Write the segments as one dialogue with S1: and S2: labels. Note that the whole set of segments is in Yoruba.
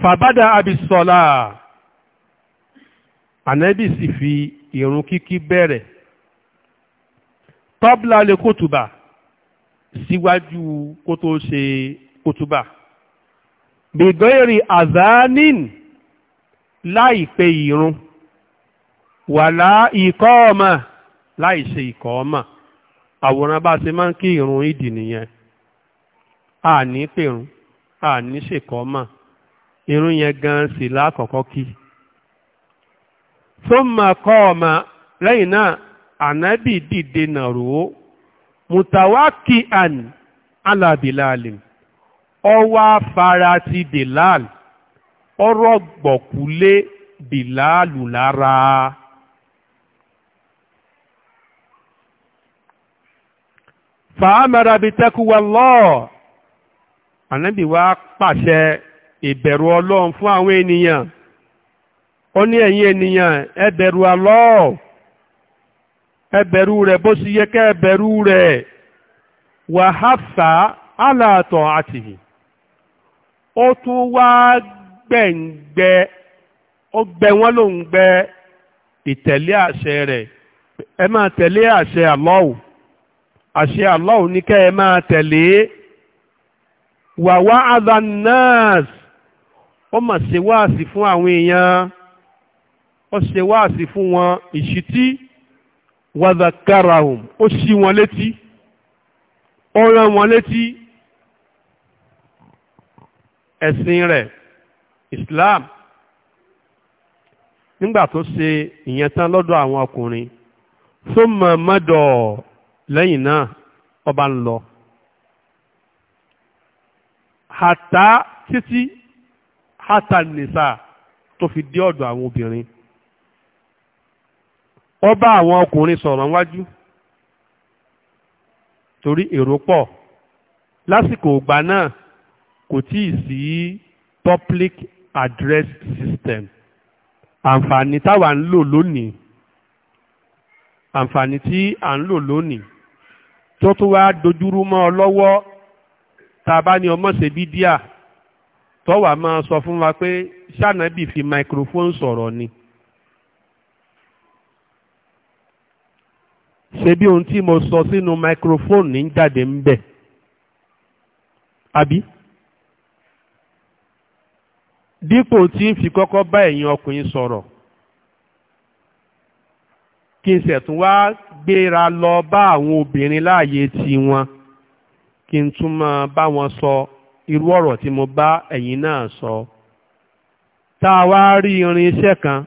S1: fàbádà abisọ́lá ànábì sì fi ìrun kíkí bẹ̀rẹ̀ tọ́bla lè kótùbà síwájú kó tó ṣe kótùbà bìgọ́yèrè azanin láì pe ìrun wàlá ikọ́ ọmọ láì ṣe ikọ́ ọmọ àwòrán bá ṣe máa ń kí ìrun ìdì nìyẹn àní pèrún àní ṣèkọ́ mọ́ irun yẹn gan sì lákọ̀ọ́kọ́ kí tó máa kọ́ ọmọ lẹ́yìn náà ànábì dìde nàró mùtàwákì àn alábìláàlì ọwá fara ti bìláàlì ọ̀rọ̀ gbọ̀kúlé lara lára. fàámàrà bìtẹ́kùwà lọ́ọ̀ anabi wa pàṣẹ ìbẹ̀rù ọlọ́run fún àwọn ènìyàn ó ní ẹ̀yin ènìyàn ẹ bẹ̀rù Allah bosi rẹ̀ bó sì yẹ kẹ́ ẹ bẹ̀rù rẹ̀ wàhásà aláàtọ̀ àtìhì ó tún wá ó gbẹ wọ́n ló ń gbẹ ìtẹ̀lé àṣẹ rẹ̀ ẹ máa tẹ̀lé àṣẹ Allah àṣẹ Allah ní kẹ́ ẹ máa tẹ̀lé ó mà ṣe wáàsí fún àwọn èèyàn ó ṣe wáàsí fún wọn ìṣítí wàzàkàràhùn ó ṣí wọn létí ó rán wọn létí ẹ̀sìn rẹ̀ Islam nígbà tó ṣe ìyẹn tán lọ́dọ̀ àwọn ọkùnrin tó mọ̀ mọ́dọ̀ lẹ́yìn náà ọba ń lọ. Hàtá títí hata nisa tó fi dé ọ̀dọ̀ àwọn obìnrin ó bá àwọn ọkùnrin sọ̀rọ̀ wájú torí èrò pọ̀ lásìkò ìgbà náà kò tíì sí public address system àǹfààní táwa ń lò lónìí àǹfààní tí à ń lò lónìí tó tún wá dojúrú mọ́ ọ lọ́wọ́ tá a bá ní ọmọ ṣe bí díà tọ́wà máa sọ fún wa pé ṣànàbì fi microphone sọ̀rọ̀ ni. ṣe bí ohun tí mo sọ sínú microphone ní jáde ń bẹ̀ àbí dípò tí ń fi kọ́kọ́ bá ẹ̀yin ọkùnrin sọ̀rọ̀ kí n ṣẹ̀tún wá gbéra lọ bá àwọn obìnrin láàyè tiwọn kí n tún máa bá wọn sọ irú ọ̀rọ̀ tí mo bá ẹ̀yin náà sọ tá a wá rí irinṣẹ́ kan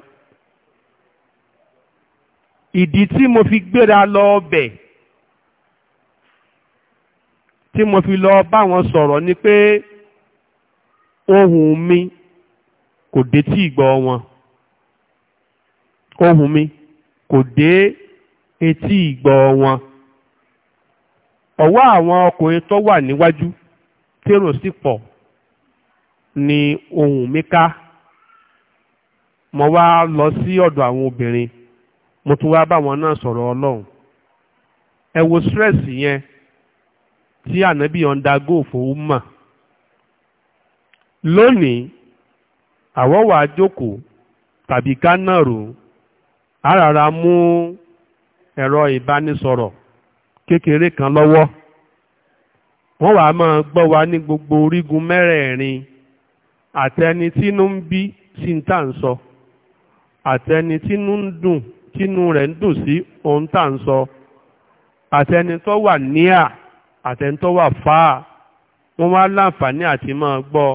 S1: ìdí tí mo fi gbéra lọ ọbẹ̀ tí mo fi lọ bá wọn sọ̀rọ̀ ni pé ohùn mi kò dé tí ìgbọ́ wọn ohùn mi kò dé etí ìgbọ́ wọn ọwọ́ àwọn ọkùnrin tó wà níwájú tèrò sì pọ̀ ni ohùn mi ká mo wá lọ sí ọ̀dọ̀ àwọn obìnrin mo tún wá bá wọn náà sọ̀rọ̀ ọlọ́run ẹ wo stress yẹn tí ànábì undergo fòun mà lónìí àwọn wàá tàbí ká á rárá mú ẹ̀rọ ìbánisọ̀rọ̀ kékeré kan lọ́wọ́ wọ́n wàá máa gbọ́ wa ní gbogbo orígun mẹ́rẹ̀ẹ̀rin àtẹni tínú ń bí sí ń tà ń sọ àtẹni tínú ń dùn tínú rẹ̀ ń dùn sí ohun tà ń sọ àtẹni tó wà níà àtẹni tó wà fáà wọ́n wá láǹfààní àti máa gbọ́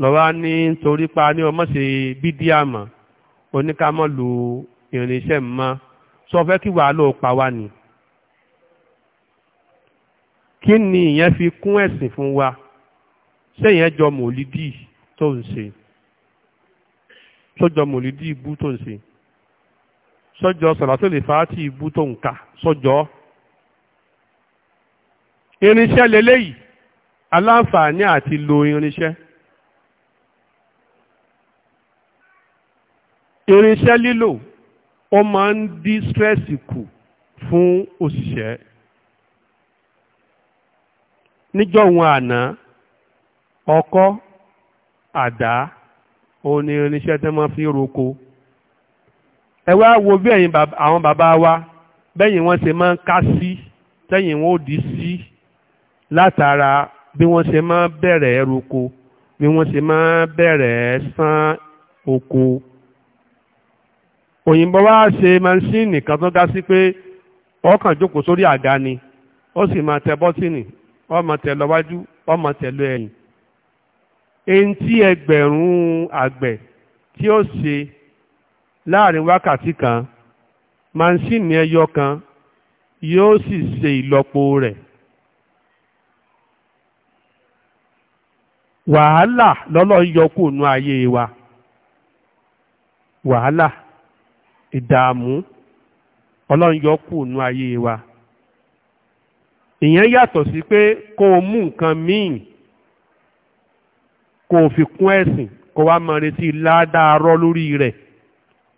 S1: lọ́wọ́ ní torí pa ní ọmọ ṣe bídíàmọ̀ oníkàmọ́ lu irinṣẹ́ mọ́ sọ fẹ́ kí wàá lóò pa wá ni kí ni ìyẹn fi kún ẹ̀sìn fún wa ṣé ìyẹn jọ mòlídì tó ń ṣe sọ́jọ́ mòlídì ibú tó ń ṣe sọ́jọ́ sàlátòlè fàátì ibú tó ń kà sọ́jọ́ irinṣẹ́ leléyìí aláǹfààní àti lo irinṣẹ́ irinṣẹ́ lílò ó máa ń dí stress kù fún òṣìṣẹ́ níjọ́ òun àná ọkọ́ àdá òun ni irinṣẹ́ tí wọ́n fi roko ẹ wá wo bí ẹ̀yin àwọn bàbá wa bẹ́yìn wọ́n ṣe máa ń ká sí tẹ́yìn wọ́n ó dì sí látara bí wọ́n ṣe máa bẹ̀rẹ̀ roko bí wọ́n ṣe máa bẹ̀rẹ̀ sán oko òyìnbó wa ṣe mansíìnì kan tó ga sí pé ọkàn jókòó sórí àga ni ó sì máa tẹ bọ́tìnì ọmọ tẹ̀lọ wájú ọmọ tẹ̀lọ ẹ̀yìn èyí tí ẹgbẹ̀rún àgbẹ̀ tí ó se láàrin wákàtí kan mansíìnì ẹyọ kan yóò sì se ìlọ́po rẹ̀ wàhálà lọ́lọ́ yọkù nú ayé wa wàhálà ìdààmú ọlọ́run yọkù nú ayé wa. ìyẹn yàtọ̀ sí pé kó o mú nǹkan míì kó o fi kún ẹ̀sìn kó wá máa retí ládàárọ́ lórí rẹ̀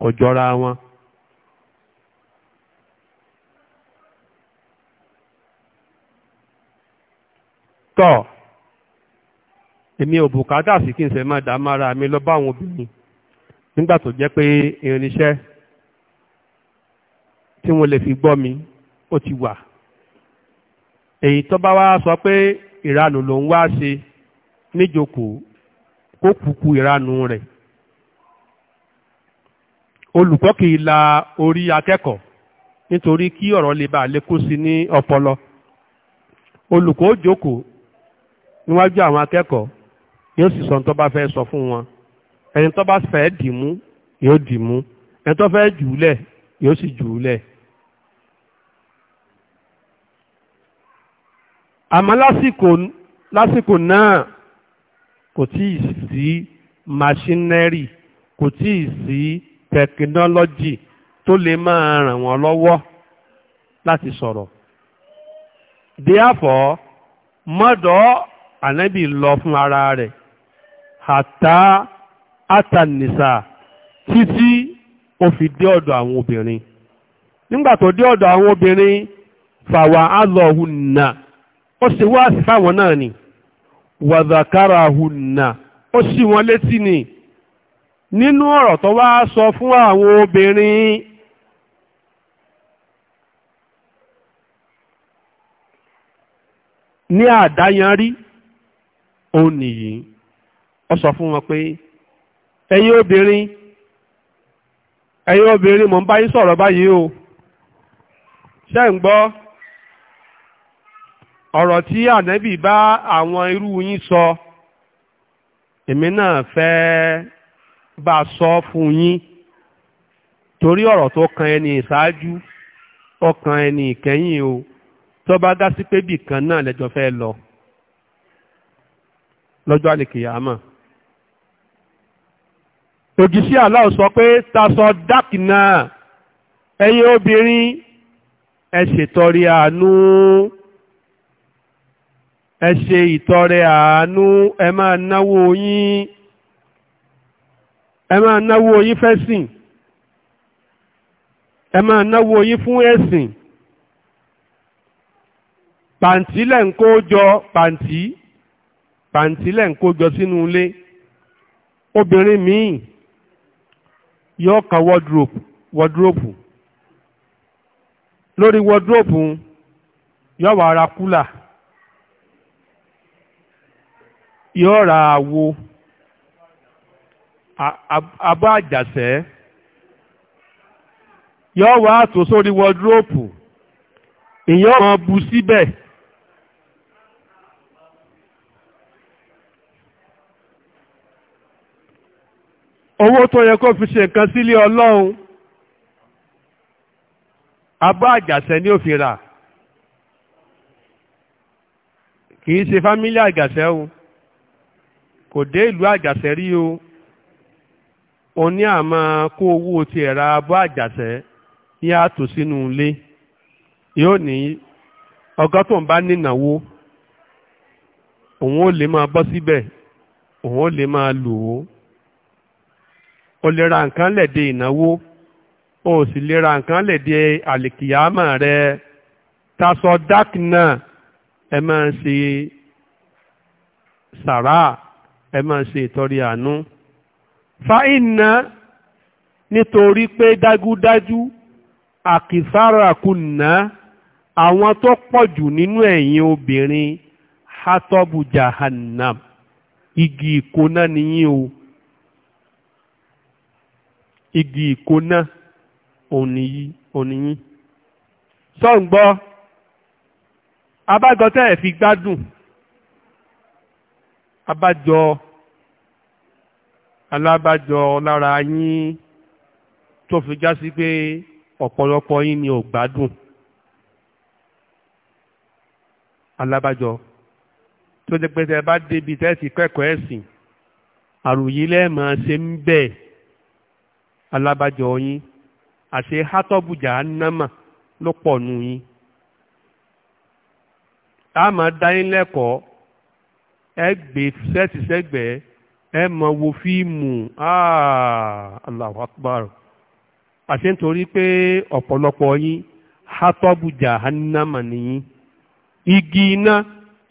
S1: kò jọra wọn. tọ́ èmi ò bùkátà sí kí n ṣe máa dá mára mi lọ bá àwọn obìnrin nígbà tó jẹ́ pé irinṣẹ́ tí wọ́n lè fi gbọ́ mi ó ti wà èyí tó bá wá sọ pé ìranù ló ń wá ṣe níjókòó kó kúkú ìranù rẹ̀ olùkọ́ kì í la orí akẹ́kọ̀ọ́ nítorí kí ọ̀rọ̀ lè bá lékún sí ní ọpọlọ olùkọ́ ó jókòó níwájú àwọn akẹ́kọ̀ọ́ yóò sì sọ tó bá fẹ́ sọ fún wọn ẹni tó bá fẹ́ dìmú yóò dìmú ẹni tó fẹ́ jùúlẹ̀ yóò sì jùúlẹ̀ àmọ́ lásìkò lásìkò náà kò tíì sí maṣínẹ́rì kò tíì sí tẹkinọ́lọ́jì tó lè máa ràn wọ́n lọ́wọ́ láti sọ̀rọ̀. Therefore, mọ́dọ̀ ànábì lọ fún ara rẹ̀ àtà àtànìsà títí ó fi dé ọ̀dọ̀ àwọn obìnrin. Nígbà tó dé ọ̀dọ̀ àwọn obìnrin fàwa á lọ hùn náà. ó sì wá sí fáwọn náà ni wàzàkárà hùnà ó sì wọn létí ni nínú ọ̀rọ̀ tó wá sọ fún àwọn obìnrin ní àdáyanrí òun nìyí ó sọ fún wọn pé ẹ̀yin obìnrin ẹ̀yin obìnrin mò ń bá sọ̀rọ̀ báyìí o ṣé ń gbọ́ ọ̀rọ̀ tí ànẹ́bì bá àwọn irú yín sọ èmi náà fẹ́ bá sọ fún yín torí ọ̀rọ̀ tó kan ẹni ìṣáájú ọkàn ẹni ìkẹyìn o tó bá dá sí pé bì kan náà lẹ́jọ́ fẹ́ lọ lọ́jọ́ àlèkìyàmọ̀ òjìṣẹ́ aláwọ̀ sọ pé tasọ dákìnà ẹ̀yin obìnrin ẹ ṣètọrẹ àánú. ẹ ṣe ìtọrẹ àánú ẹ máa náwó yín ẹ máa náwó yín fẹ́sìn ẹ máa náwó yín fún ẹ̀sìn pàǹtí lẹ̀ jọ pàǹtí pàǹtí jọ kan wọ́dúrópù wọ́dúrópù lórí wọ́dúrópù yóò ra àwo abọ́ àjàṣẹ́ yọọ wá àtò sórí wọdúrópù ìyẹn ọmọ bu síbẹ̀ owó tó yẹ kó fi ṣe nǹkan sílé ọlọ́run abọ́ àjàsẹ ní ó rà kì í ṣe fámílì àjàsẹ òun kò dé ìlú àjàṣẹ́ rí o ó ní àmà kó owó tiẹ̀ ra abọ́ àjàṣẹ́ ní ààtò sínú ilé yóò ní ọgọ́ tó ń bá nínáwó òun ò lè máa bọ́ síbẹ̀ òun ò lè máa lò ó o lè ra nǹkan lẹ̀dẹ̀ ìnáwó o sì lè ra nǹkan lẹ̀dẹ̀ àlìkìyámà rẹ tasọ dákì náà ẹ máa ń ṣe sàrà ẹ máa ṣe ìtọrẹ àánú fáìnà nítorí pé dájúdájú àkìsára kùnà àwọn tó pọ̀ jù nínú ẹ̀yin obìnrin hatobu jahannam igi ìkóná nìyí o igi ìkóná òníyí òníyí sọ́ǹgbọ́ abájọ tẹ́ ẹ̀ fi gbádùn abájọ alábàjọ lára yín tó fi já sí pé ọ̀pọ̀lọpọ̀ yín ni ò gbádùn alábàjọ tó jẹ́ pé tẹ́ bá débi tẹ́sí kẹ́kọ̀ọ́ ẹ̀sìn àròyé lẹ́ẹ̀mọ́ ṣe ń bẹ̀ alábàjọ yín àṣẹ hátọ́bùjà námà ló pọ̀ nù yín a máa dá yín lẹ́kọ̀ọ́ ẹ gbé sẹ́ẹ̀tì sẹ́gbẹ̀ẹ́ ẹ mọ wo fíìmù ah, Allahu Akbar àṣẹ nítorí pé ọ̀pọ̀lọpọ̀ yín hátọ́bù jahannama nìyí igi iná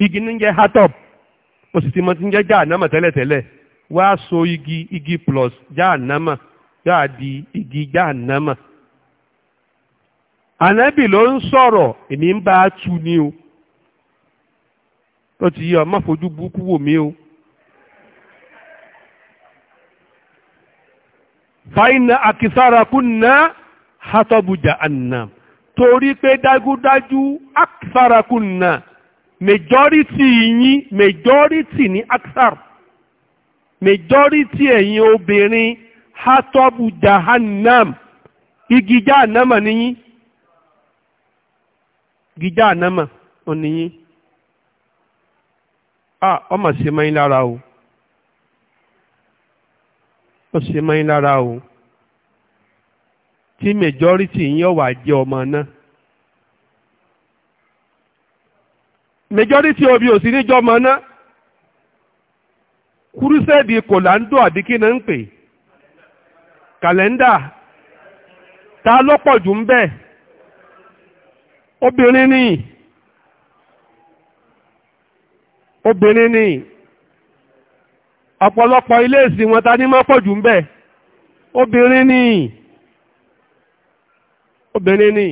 S1: igi ní jẹ́ hátọ́b o sì ti mọ ti ń jẹ́ jahannama tẹ́lẹ̀tẹ́lẹ̀ wá so igi igi plus jahannama yóò di igi ja ànábì ló ń sọ̀rọ̀ èmi ń bá a tu ni o tó ti yọ ọ má fojú burúkú wò mí o. fàínà àkìsára kúnná hatabuja annam torí pé dájúdájú àkìsára kúnná majority yín majority ní aksar majority ẹ̀yin obìnrin hatabuja annam igi jahannama níyín igi jahannama oníyín ah ọmọ sí mọ́ lára o. ó sì mọ́ yín lára o tí majority yín ọmọ náà obi ò sí níjọ́ ọmọ náà kúrúsẹ́ẹ̀dì kòláńdò àbí kí ni ń pè kàlẹ́ndà ta lọ́pọ̀ jù ń bẹ̀ obìnrin ni ọ̀pọ̀lọpọ̀ ilé ìsìn wọn ta ní mọ́ pọ̀ jù ń bẹ̀ obìnrin ni obìnrin ni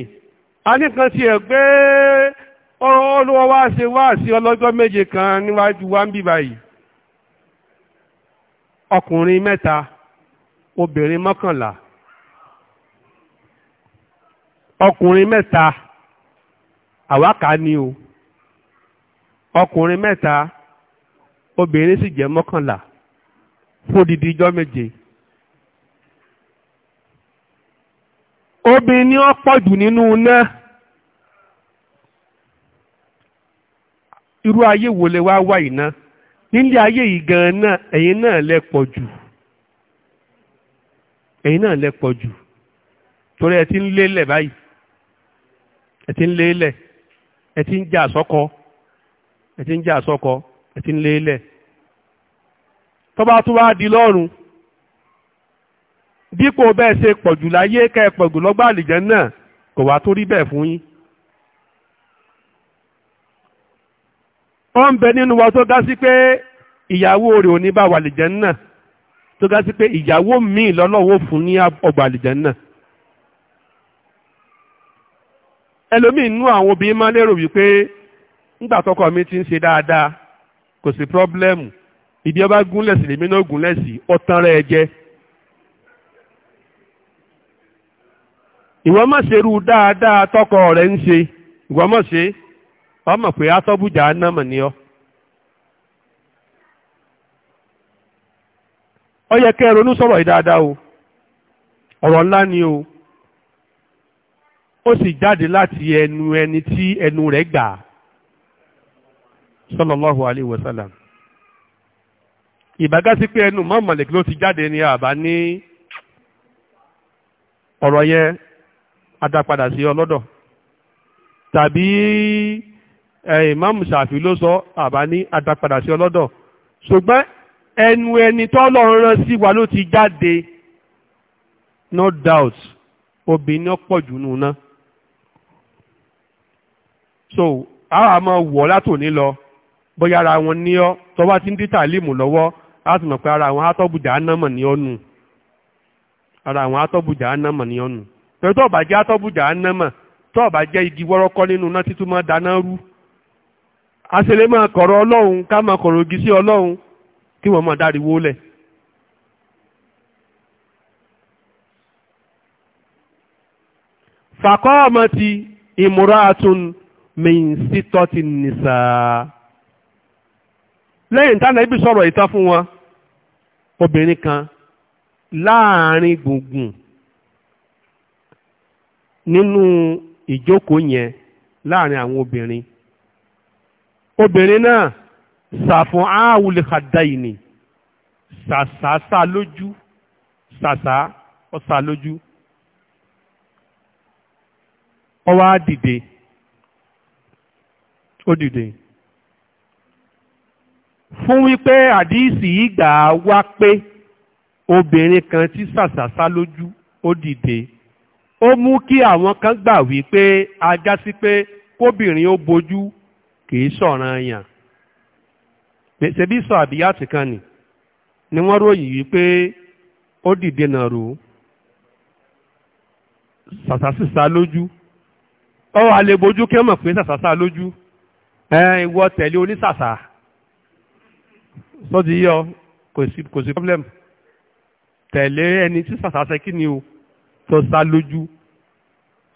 S1: a ní kan ti ẹ̀ pé olówó wá ṣe wá sí ọlọ́jọ́ méje kan níwájú wa ń bì báyìí ọkùnrin mẹ́ta obìnrin mọ́kànlá ọkùnrin mẹ́ta àwákà ni o ọkùnrin mẹ́ta obìnrin sì jẹ́ mọ́kànlá. fòdìdí ijọ́ méje. obìnrin ni ó pọ̀jù nínú iná irú ayé wo lè wá wá iná nílé ayé yìí gan-an náà ẹ̀yin náà lẹ pọ̀ jù ẹ̀yin náà lẹ pọ̀ jù torí ẹ ti ń lélẹ̀ báyìí ti ń lélẹ̀ ti ń jà sọ́kọ ti ń jà sọ́kọ ti ń tó bá tún wá di lọ́rùn dípò bẹ́ẹ̀ ṣe pọ̀jù láyé kẹ́ ẹ pọ̀jù lọ́gbà àlìjẹ́ náà kò wá tó rí bẹ́ẹ̀ fún yín. ó ń bẹ nínú wa tó ga sí pé ìyàwó rẹ̀ ò ní bá wà àlìjẹ́ náà tó ga sí pé ìyàwó míì lọ́lọ́wọ́ fún ní ọgbà àlìjẹ́ náà. ẹlòmíì nú àwọn obìnrin máa lérò wípé ńgbà tọkọ mi ti ń ṣe dáadáa kò sí pírọ́blẹ́mù ibi ọba gúnlẹ̀ sí lèmi náà gúnlẹ̀ sí ọ̀tán rẹ̀ jẹ́. ìwọ má ṣe irú dáadáa tọkọ rẹ ń ṣe ìwọ ṣe ọmọ pé atọ́bùjà náà mọ̀ ní ọ. ọ yẹ kẹ́ ẹ ronú sọ̀rọ̀ yìí o ọ̀rọ̀ ńlá ni o ó sì jáde láti ẹnu ẹni tí ẹnu rẹ̀ ìbágásí pé ẹnu mọ́ mọ̀lẹ́kì ló ti jáde ní àbá ní ọ̀rọ̀ yẹn adápadà sí ọlọ́dọ̀ tàbí ìmáàmù ṣàfi ló sọ àbá ní adápadà sí ọlọ́dọ̀ ṣùgbọ́n ẹnu ẹni tọ́lọ́run rán sí wa ló ti jáde no doubt obìnrin ọ̀pọ̀ jù so àwọn àmọ́ wọ̀ látòní lọ bóyá ara wọn ní ọ tó ti ń dí tàlímù lọ́wọ́ á sì mọ̀ pé ara àwọn atọ́bùjà ánámọ̀ na ọ́nù ara àwọn atọ́bùjà ánámọ̀ ní ọ́nù pẹ̀lú tó bá jẹ́ atọ́bùjà ánámọ̀ tó bá jẹ́ igi wọ́rọ́kọ́ nínú iná títún ma dáná rú àṣẹlẹ̀ máa kọ̀rọ̀ ma ká máa kọ̀rọ̀ igi sí ọlọ́run kí wọ́n máa dáriwó ọmọ ti ìmúra atún mìín sí ti nìsà lẹ́yìn tánà ibi sọ̀rọ̀ ìtàn fún wọn obìnrin kan láàrin gbùngbùn nínú ìjókòó yẹn láàrin àwọn obìnrin obìnrin náà sàfún áwùlẹ̀ kàdáyìnì sàsàsà lójú sàsà ọ̀sà lójú ó wá dìde ó dìde fún wípé àdíìsì yìí gbà á wá pé obìnrin kan tí sàṣàṣà lójú ó dìde ó mú kí àwọn kan gbà wípé ajá sí pé kóbìnrin ó bojú kì í sọ̀ràn yàn ṣebí sọ àbíyàtì kan nì ni wọ́n ròyìn wípé ó dìde nàró sàṣàṣìṣà lójú ó wà lè bojú kí wọ́n mọ̀ pé sàṣàṣà lójú ẹ ìwọ tẹ̀lé onísàṣà sọ́dí yọ kò sí kò sí problem tẹ̀lé ẹni tí sàṣàṣẹ kí ni o tó sá lójú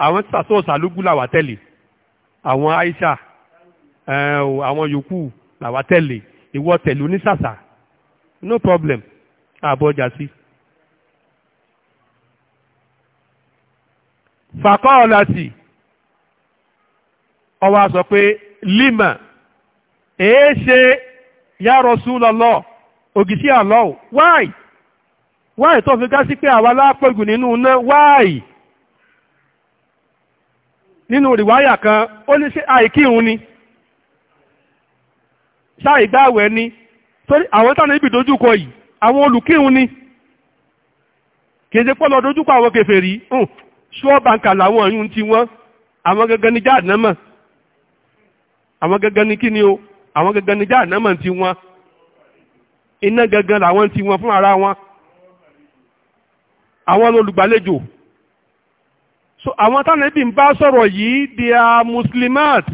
S1: àwọn tí sàṣọ sá lójú làwà tẹ̀lé àwọn Aisha eh, àwọn yòókù làwà tẹ̀lé ìwọ tẹ̀lé onísàṣà no problem àbọ̀jà sí. fàkọ́ọ̀lásì ọwọ́ sọ pé lima èé ṣe ya Rasulullah ògìsí àlọ́ why why tó fi ká sí pé àwa lápọ̀jù nínú iná why nínú rìwáyà kan ó ní ṣe àìkírun ni ṣáìgbàwẹ̀ ni torí àwọn tánà ibi dojúkọ yìí àwọn olùkírun ni kèje pọ́lọ dojúkọ àwọn kèfèrí ṣọ́ bàǹkà làwọn ọ̀yún ti wọ́n àwọn gẹ́gẹ́ ní jáàdínẹ́mọ̀ àwọn gẹ́gẹ́ ní kí ni o àwọn gangan ní jáànámà ti wọn iná gangan làwọn ti wọn fún ara wọn àwọn olùgbàlejò so àwọn tánàbí ń bá sọ̀rọ̀ yìí they are muslimat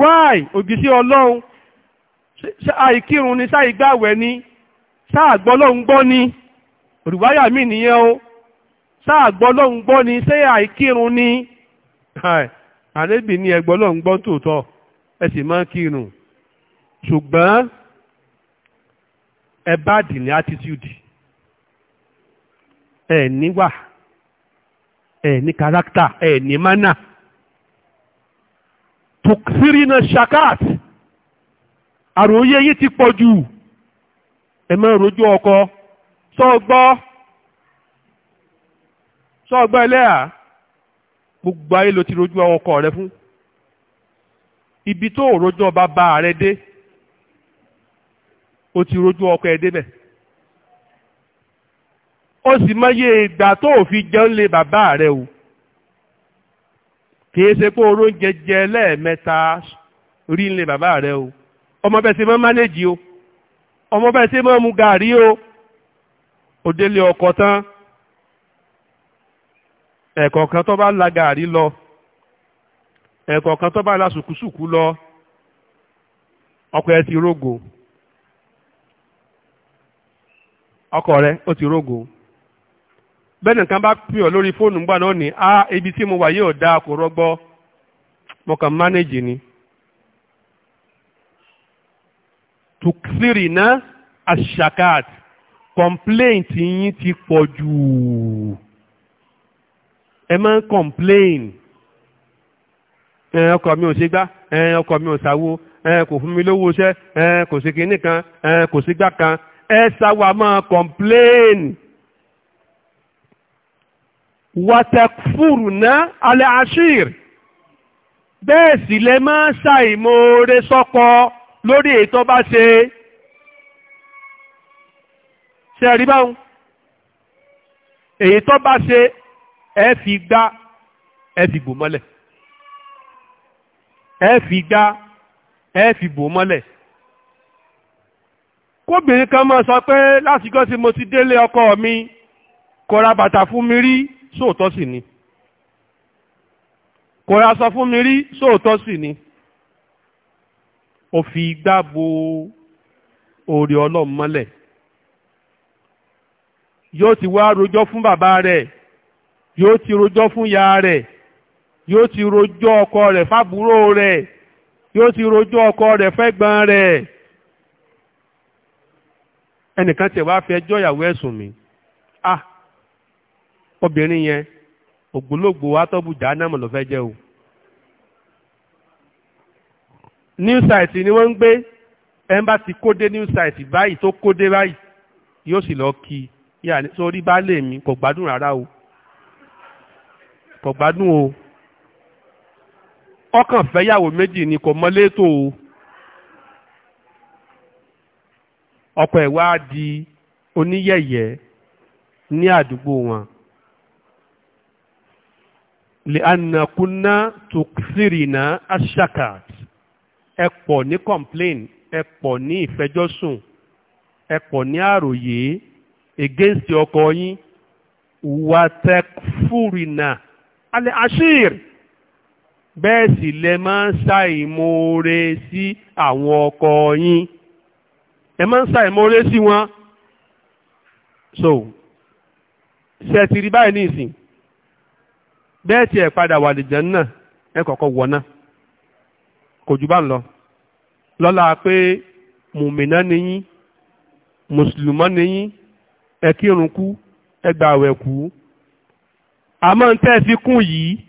S1: why ògìsí ọlọ́run ṣe àìkírun ni ṣáìgbàwẹ̀ ni ṣáàgbọ́ lóhun gbọ́ ni òrùwáyà mi nìyẹn o ṣáàgbọ́ lóhun gbọ́ ni ṣé àìkírun ni àlébì ni ẹgbọ́ lóhun gbọ́ tòótọ́ ẹ sì máa kírun ṣùgbọ́n ẹ ní attitude ẹ níwà ẹ ní character ẹ ní manner na shakat àròyé yìí ti pọ̀ jù ẹ máa rojú ọkọ sọ́ọ̀gbọ́ sọ́ọ̀gbọ́ ẹlẹ́à gbogbo ayé ló ti rojú ọkọ rẹ fún ibi tó rojọ́ bàbá rẹ dé o ti rojú ọkọ ẹ débẹ̀ ó sì mọyé ìgbà tó o fi jẹun lé bàbá rẹ o kìí ṣe pé oró ń jẹjẹ lẹ́ẹ̀mẹ́ta rí ń lé bàbá rẹ o ọmọ bẹ́ẹ̀ ṣe máa mánéjì o ọmọ bẹ́ẹ̀ ṣe máa ń gàrí o òdélé ọkọ tán ẹ̀kọ̀ọ̀kan tó bá la gàrí lọ ẹ̀kọ̀ọ̀kan tó bá la sùkúsùkú lọ ọkọ ẹ ti rógò. ọkọ rẹ ó ti rógo bẹ́ẹ̀ nìkan bá pè ọ́ lórí fóònù gbà náà ní a ah, ibi tí mo wà yóò dáa kò rọgbọ mo kàn mánéjì ni. tùkìsìrì náà àṣàkàt complaint yín ti pọ̀ jù ẹ máa ń complain ọkọ mi ò ṣe gbá ọkọ mi ò ṣàwo kò fún mi lówó iṣẹ́ kò sí kinní kan kò sí gbá kan ẹ ṣàwà máa complain wàtẹ̀kùfùrù ná alẹ́ àṣírí bẹ́ẹ̀ sì lẹ máa ṣàìmoore sọ́kọ lórí ètò bá ṣe ṣe rí báwọn èyí tó bá ṣe ẹ fi gbá ẹ fi bò mọ́lẹ̀ ẹ fi gbá ẹ fi bò mọ́lẹ̀ kóbìnrin kan máa sọ pé lásìkò tí mo ti délé ọkọ mi kò ra bàtà fún mi rí sóòótọ́ sì ni kò ra sọ fún mi rí sóòótọ́ sì ni ó fi igbá bo oore ọlọ́run mọ́lẹ̀ yóò ti wá rojọ́ fún bàbá rẹ̀ yóò ti rojọ́ fún ya rẹ̀ yóò ti rojọ́ ọkọ rẹ̀ fábúrò rẹ̀ yóò ti rojọ́ ọkọ rẹ̀ fẹ́gbọ́n rẹ̀ ẹnìkan tẹ̀ wá fẹ́ ẹjọ́ ìyàwó ẹ̀sùn mi ah obìnrin yẹn ògbólógbò atọ́bùjà náà ló fẹ́ jẹ́ o new site ni wọ́n ń gbé embassy kódé new site báyìí tó kódé báyìí yóò sì lọ kí yà ní sórí baálé mi kò gbádùn rárá o kò gbádùn o ọkàn fẹ́yàwó méjì ni kò mọ́lé tó o. ọkọ ẹ̀ wá di oníyẹ̀yẹ́ ní àdúgbò wọn. lè ànàkúnná tó sírìnà aṣákàt ẹ pọ̀ ní complain ẹ pọ̀ ní ìfẹjọ́sùn ẹ pọ̀ ní àròyé against ọkọ yín wàtẹ́kfúrìnà alẹ́ àṣír bẹ́ẹ̀ sì lẹ máa ń ṣàìmoore sí àwọn ọkọ yín ẹ máa ń sa ìmọ̀ọ́rẹ́ sí wọn so ṣe ti rí báyìí ní ìsìn bẹ́ẹ̀ tí ẹ̀ padà wà lìjẹ́ náà ẹ kọ̀ọ̀kan wọ̀ náà kò jù bá ń lọ lọ́la pé mùmìnà ni yín mùsùlùmọ́ ni yín ẹ kírun kú ẹ gbààwẹ̀ kú àmọ́ ń tẹ́ ẹ kún yìí